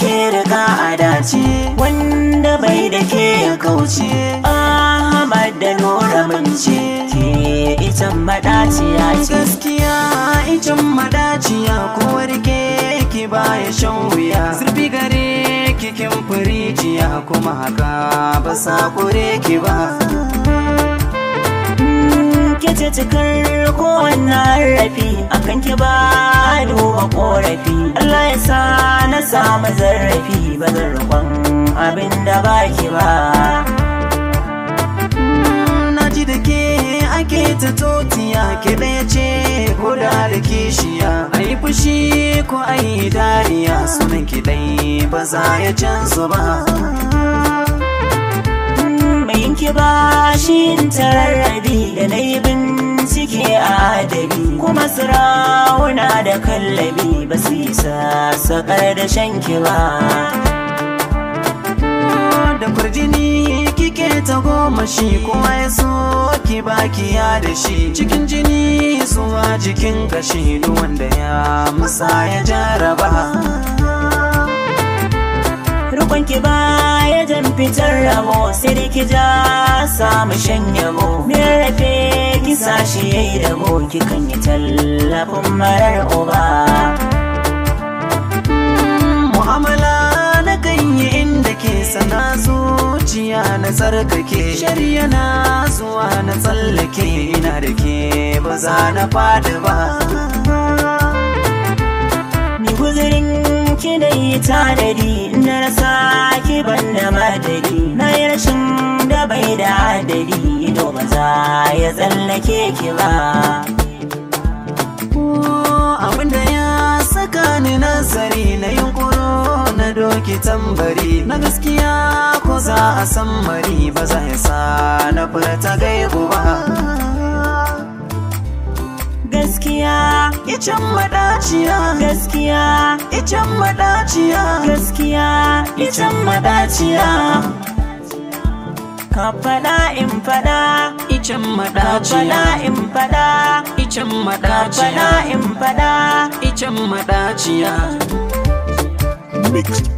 ke ka a dace wanda bai da ke ya kauce ahmad da nora mance ke ita madaciya ce gaskiya ita madaciya ko warke ki baya shan wuya zurfi gare kikin firijiya kuma haka ba sa kure ki ba mm, ke ce cikar kowanne harafi akan ki ba a korafi Allah ya sa na samu zarrafi ba zan roƙon abin da baki ba na ji da ke ake ta totiya ke ya ce ko da da kishiya a yi fushi ko a yi dariya sunan ki dai ba za ya canza ba mai yanke ba shi tarar kuma sarauna da kallabi ba su yi sassaƙar da shanki ba da kwarjini kike ta goma shi kuma ya so ki baki ya da shi cikin jini zuwa jikin gashi wanda ya musa ya jaraba rukun ki ba ya jan fitar rabo sai da ki ja samu shan yabo me rafe kai da boki kan yi tallafin marar uba mu'amala na kan yi inda ke sana zuciya na tsarkake shari'a na zuwa na tsallake ina da ke ba za na fadi ba ni guzurin ki da yi tanadi na rasa ki ban da madadi na yi rashin gari ido ba za ya tsallake ki ba abinda ya saka ni nazari na yunkuro na doki tambari na gaskiya ko za a san mari ba za ya sa na furta gaibu ba gaskiya icen madaciya gaskiya icen madaciya gaskiya icen madaciya ka in fada icen madaciya ka fada in fada icen ka in fada icen maɗaciya. mixed